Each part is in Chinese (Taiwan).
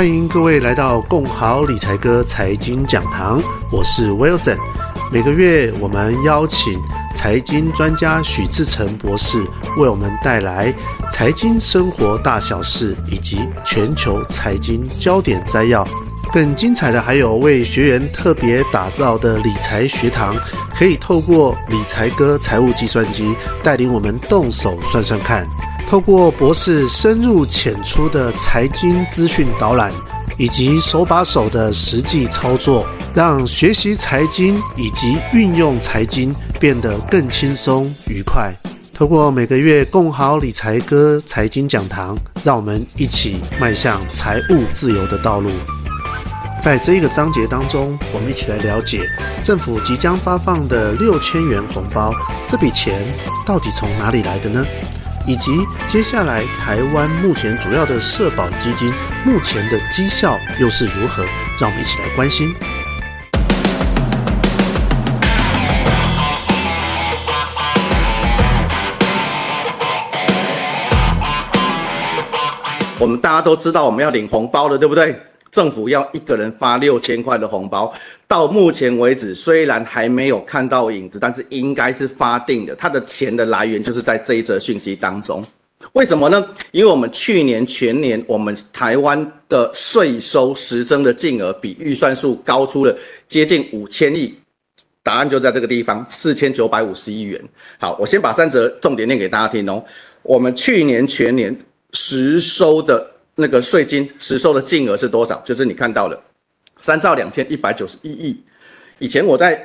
歡迎各位來到共好理財鴿財經講堂，我是 Wilson。每個月我們邀請財經專家許志誠博士為我們帶來財經生活大小事以及全球財經焦點摘要。更精彩的還有為學員特別打造的理財學堂，可以透過理財鴿財務計算機帶領我們動手算算看。透過博士深入淺出的財經資訊導覽，以及手把手的實際操作，讓學習財經以及運用財經變得更輕鬆愉快。透過每個月共好理財鴿財經講堂，讓我們一起邁向財務自由的道路。在這一個章節當中，我們一起來了解政府即將發放的六千元紅包，這筆錢到底從哪裡來的呢？以及接下來台灣目前主要的社保基金目前的績效又是如何，讓我們一起來關心。我們大家都知道我們要領紅包了，對不對？政府要一個人發六千塊的紅包，到目前為止雖然還沒有看到影子，但是應該是發定的。它的錢的來源就是在這一則訊息當中。為什麼呢？因為我們去年全年我們台灣的稅收實徵的金額比預算數高出了接近五千億，答案就在這個地方，四千九百五十億元。好，我先把三則重點念給大家聽哦。我們去年全年實收的。那個稅金實收的金額是多少？就是你看到的三兆兩千一百九十一億。以前我在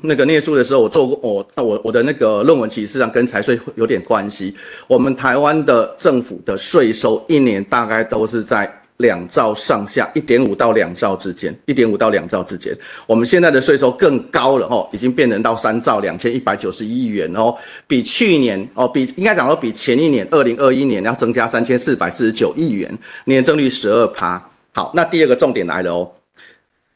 那個念書的時候，我做過，我那我我的那個論文其實上跟財稅有點關係。我們台灣的政府的稅收一年大概都是在。兩兆上下，一點五到兩兆之間，一點五到兩兆之間。我們現在的稅收更高了哦，已經變成到三兆兩千一百九十一億元哦，比去年哦，比應該講說比前一年二零二一年要增加三千四百四十九億元，年增率十二趴。好，那第二個重點來了哦，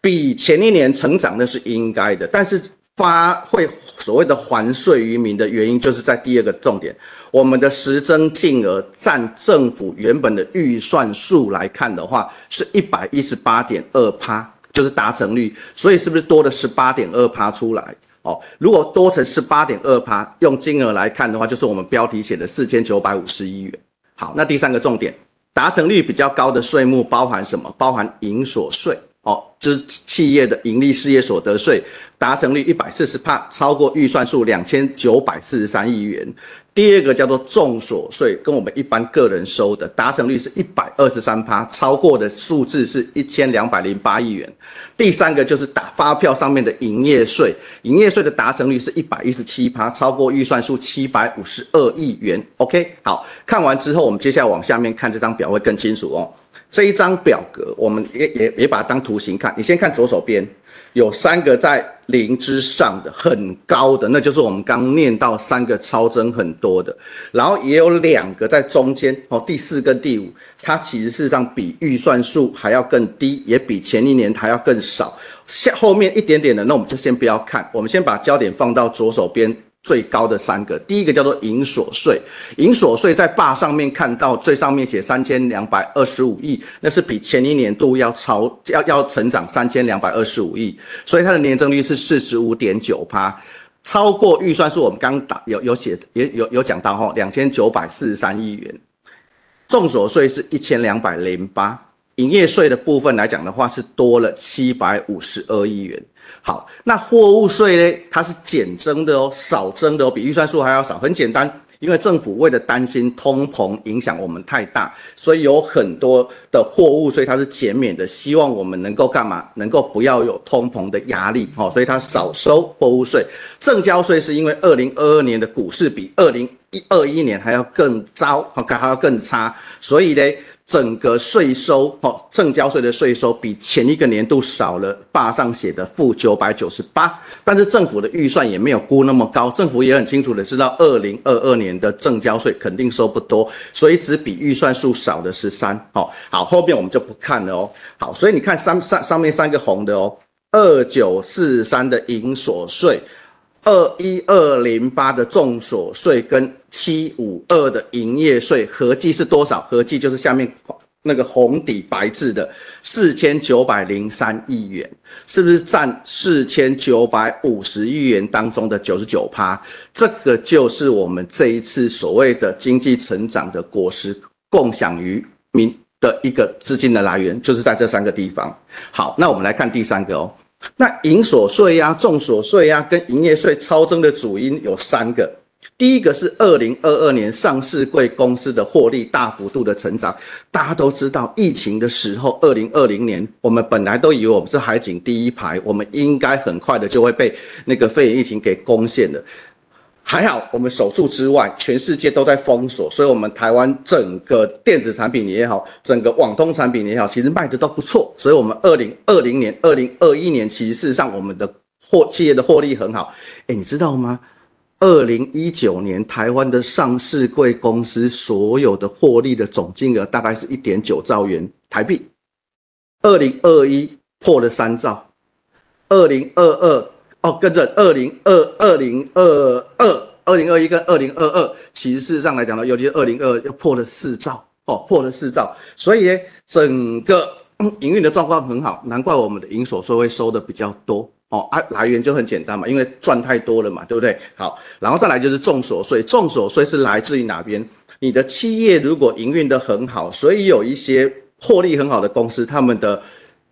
比前一年成長那是應該的，但是發會所謂的還稅於民的原因，就是在第二個重點。我們的實徵金額占政府原本的預算數來看的話，是一百一十八點二趴，就是達成率。所以是不是多了十八點二趴出來？哦，如果多成十八點二趴，用金額來看的話，就是我們標題寫的四千九百五十一元。好，那第三個重點，達成率比較高的稅目包含什麼？包含營所稅。哦，這、就是企業的營利事業所得稅達成率一百四十趴，超過預算數兩千九百四十三億元。第二個叫做綜所稅，跟我們一般個人收的達成率是一百二十三趴，超過的數字是一千兩百零八億元。第三個就是打發票上面的營業稅，營業稅的達成率是一百一十七趴，超過預算數七百五十二億元。OK，好，看完之後，我們接下來往下面看這張表會更清楚哦。這一張表格，我們也也也把它當圖形看。你先看左手邊，有三個在零之上的，很高的，那就是我們剛念到三個超徵很多的。然後也有兩個在中間，哦，第四跟第五，它其實事實上比預算數還要更低，也比前一年還要更少。下後面一點點的，那我們就先不要看，我們先把焦點放到左手邊。最高的三個，第一個叫做營所稅，營所稅在壩上面看到最上面寫三千兩百二十五億，那是比前一年度要超要要成長三千兩百二十五億，所以它的年增率是四十五點九趴，超過預算是我們剛打有有寫也有有，有講到吼兩千九百四十三億元，綜所稅是一千兩百零八，營業稅的部分來講的話是多了七百五十二億元。好，那貨物稅呢？它是減徵的哦，少徵的哦，比預算數還要少。很簡單，因為政府為了擔心通膨影響我們太大，所以有很多的貨物稅它是減免的，希望我們能夠幹嘛？能夠不要有通膨的壓力哦。所以它少收貨物稅，證交稅是因為二零二二年的股市比二零二一年還要更糟，還要更差，所以呢。整個稅收，哦，證交稅的稅收比前一個年度少了，板上寫的負九百九十八，8, 但是政府的預算也沒有估那麼高，政府也很清楚的知道，二零二二年的證交稅肯定收不多，所以只比預算數少了十三，哦，好，後面我們就不看了哦，好，所以你看三上上面三個紅的哦，二九四三的營所稅，二一二零八的眾所稅跟七五二的營業稅合計是多少？合計就是下面那個紅底白字的四千九百零三億元，是不是占四千九百五十億元當中的九十九趴？這個就是我們這一次所謂的經濟成長的果實，共享於民的一個資金的來源，就是在這三個地方。好，那我們來看第三個哦。那營所稅呀、啊、綜所稅呀、啊，跟營業稅超徵的主因有三個。第一個是二零二二年上市櫃公司的獲利大幅度的成長。大家都知道，疫情的時候，二零二零年我們本來都以為我們是海景第一排，我們應該很快的就會被那個肺炎疫情給攻陷了。還好，我們守住之外，全世界都在封鎖，所以，我們台灣整個電子產品也好，整個網通產品也好，其實賣的都不錯。所以，我們二零二零年、二零二一年，其實事實上，我們的獲企業的獲利很好。哎、欸，你知道嗎？二零一九年台灣的上市櫃公司所有的獲利的總金額大概是一點九兆元台幣，二零二一破了三兆，二零二二，哦，跟着二零二二零二二二零二一跟二零二二，其實事實上來講呢，尤其是二零二二又破了四兆，哦，破了四兆，所以整個、嗯、營運的狀況很好，難怪我們的營所稅會收的比較多，哦，啊，來源就很簡單嘛，因為賺太多了嘛，對不對？好，然後再來就是重所稅，重所稅是來自於哪邊？你的企業如果營運的很好，所以有一些獲利很好的公司，他們的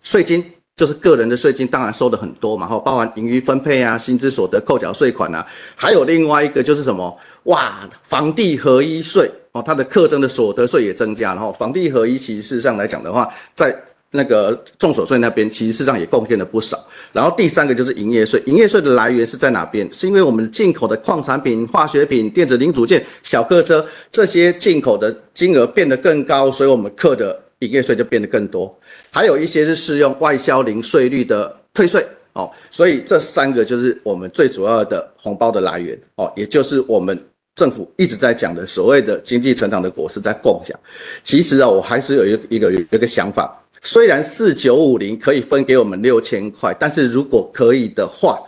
稅金。就是個人的稅金，當然收得很多嘛，然後包含盈餘分配啊、薪資所得扣繳稅款啊，還有另外一個就是什麼哇，房地合一稅哦，它的課徵的所得稅也增加，然後房地合一其實，事實上來講的話，在那個綜所稅那邊其實事實上也貢獻了不少。然後第三個就是營業稅，營業稅的來源是在哪邊？是因為我們進口的礦產品、化學品、電子零組件、小客車這些進口的金額變得更高，所以我們課的。營業稅就變得更多，還有一些是適用外銷零稅率的退稅哦，所以這三個就是我們最主要的紅包的來源哦，也就是我們政府一直在講的所謂的經濟成長的果實在共享。其實啊，我還是有一一個一個想法，雖然四九五零可以分給我們六千塊，但是如果可以的話，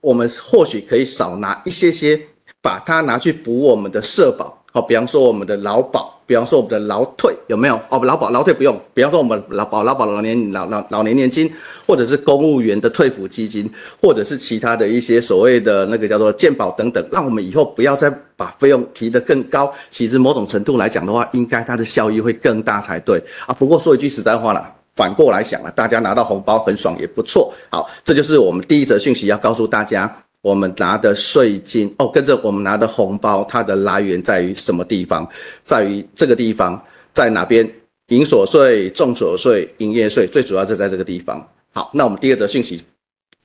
我們或許可以少拿一些些，把它拿去補我們的社保哦，比方說我們的勞保。比方說我們的勞退有沒有？哦，勞保勞退不用。比方說我們勞保勞保老年老老老年年金，或者是公務員的退撫基金，或者是其他的一些所謂的那個叫做健保等等，讓我們以後不要再把費用提得更高。其實某種程度來講的話，應該它的效益會更大才對啊。不過說一句實在話了，反過來想啊，大家拿到紅包很爽也不錯。好，這就是我們第一則訊息要告訴大家。我們拿的稅金哦，跟着我們拿的紅包，它的來源在於什麼地方？在於這個地方，在哪邊？營所稅、綜所稅、營業稅，最主要是在這個地方。好，那我們第二則訊息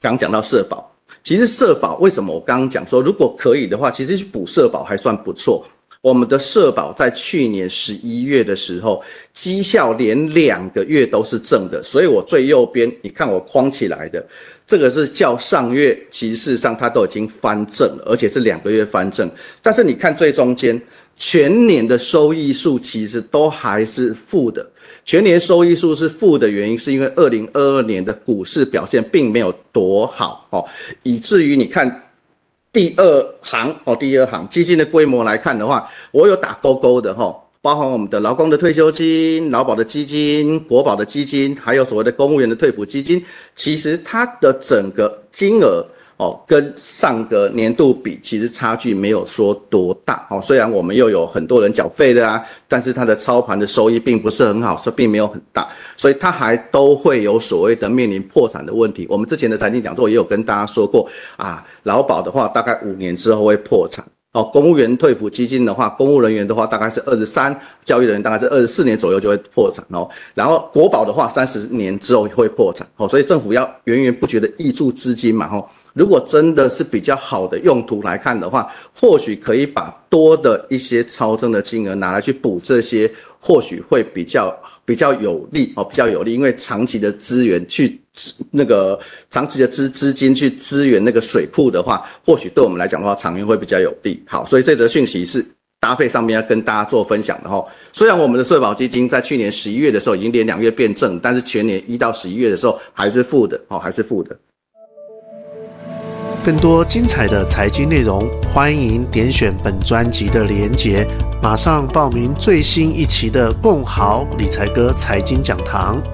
剛講到社保，其實社保為什麼我剛剛講說，如果可以的話，其實去補社保還算不錯。我們的社保在去年十一月的時候，績效連兩個月都是正的，所以我最右邊你看我框起來的。這個是較上月，其實事實上它都已經翻正了，而且是兩個月翻正。但是你看最中間，全年的收益數其實都還是負的。全年收益數是負的原因，是因為二零二二年的股市表現並沒有多好哦，以至於你看第二行哦，第二行基金的規模來看的話，我有打勾勾的哈。包括我們的勞工的退休金、勞保的基金、國保的基金，還有所謂的公務員的退撫基金，其實它的整個金額哦，跟上個年度比，其實差距沒有說多大哦。雖然我們又有很多人繳費的啊，但是它的操盤的收益，並不是很好，所以並沒有很大，所以它還都會有所謂的面臨破產的問題。我們之前的財經講座也有跟大家說過啊，勞保的話，大概五年之後會破產。哦，公務員退撫基金的話，公務人員的話大概是二十三，教育人員大概是二十四年左右就會破產哦。然後國保的話，三十年之後會破產哦。所以政府要源源不絕的挹注資金嘛，吼。如果真的是比較好的用途來看的話，或許可以把多的一些超徵的金額拿來去補這些，或許會比較比較有利哦，比較有利，因為長期的資源去，那個長期的資資金去支援那個水庫的話，或許對我們來講的話，長遠會比較有利。好，所以這則訊息是搭配上面要跟大家做分享的哈，雖然我們的社保基金在去年十一月的時候已經連兩月變正，但是全年一到十一月的時候還是負的哦，還是負的。更多精彩的財經內容，歡迎點選本專輯的連結，馬上報名最新一期的共好理財鴿財經講堂。